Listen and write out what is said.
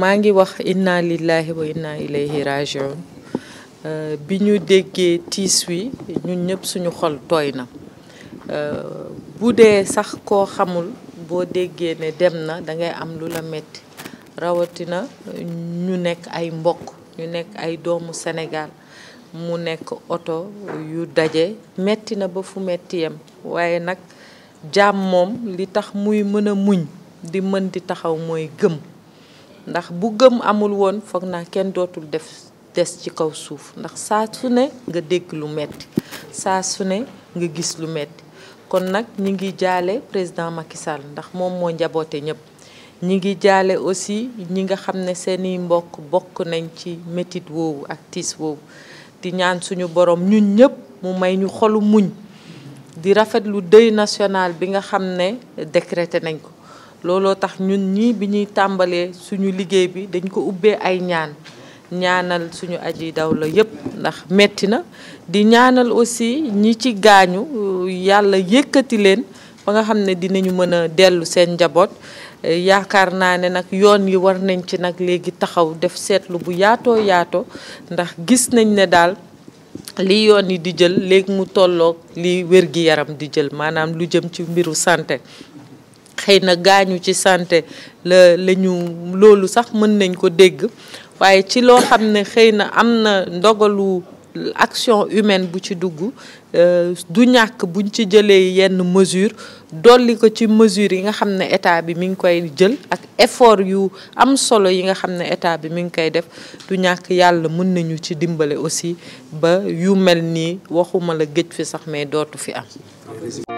maa ngi wax inna lillahi wa inna ilayhi rajiun euh, bi ñu déggee tiis wi ñun ñëpp suñu xol tooy na euh, bu dee sax koo xamul boo déggee ne dem na dangay am lu la metti rawatina ñu nekk ay mbokk ñu nekk ay doomu Sénégal mu nekk oto yu daje metti na ba fu metti yem waaye nag jaam moom li tax muy mën a muñ di mën di taxaw mooy gëm ndax bu gëm amul woon foog naa kenn dootul def des ci kaw suuf ndax saa su ne nga dégg lu metti saa su ne nga gis lu metti kon nag ñi ngi jaale président Macky ndax moom moo njaboote ñëpp ñi ngi jaale aussi ñi nga xam ne seeni mbokk bokk nañ ci métit woowu ak tiis woowu di ñaan suñu borom ñun ñëpp mu may ñu xolu muñ di rafet lu deuil national bi nga xam ne décrété nañ ko looloo tax ñun ñii bi ñuy tàmbalee suñu liggéey bi dañ ko ubbee ay ñaan ñaanal suñu aji daw la yëpp ndax metti na di ñaanal aussi ñi ci gaañu yàlla yëkkati leen ba nga xam ne dinañu mën a dellu seen njaboot yaakaar naa ne nag yoon yi war nañ ci nag léegi taxaw def seetlu bu yaatoo yaato ndax gis nañ ne daal li yoon yi di jël léegi mu tollook li wér-gi-yaram di jël maanaam lu jëm ci mbiru santé xëy na gaañu ci sante la la loolu sax mën nañ ko dégg waaye ci loo xam ne xëy na am na ndogalu action humaine bu ci dugg euh, du ñàkk buñ ci jëlee yenn mesure dolli ko ci mesure yi nga xam ne état bi mi ngi koy jël ak effort yu am solo yi nga xam ne état bi mi ngi koy def du ñàkk yàlla mën nañu ci dimbale aussi ba yu mel nii waxuma la géej fi sax mais dootu fi am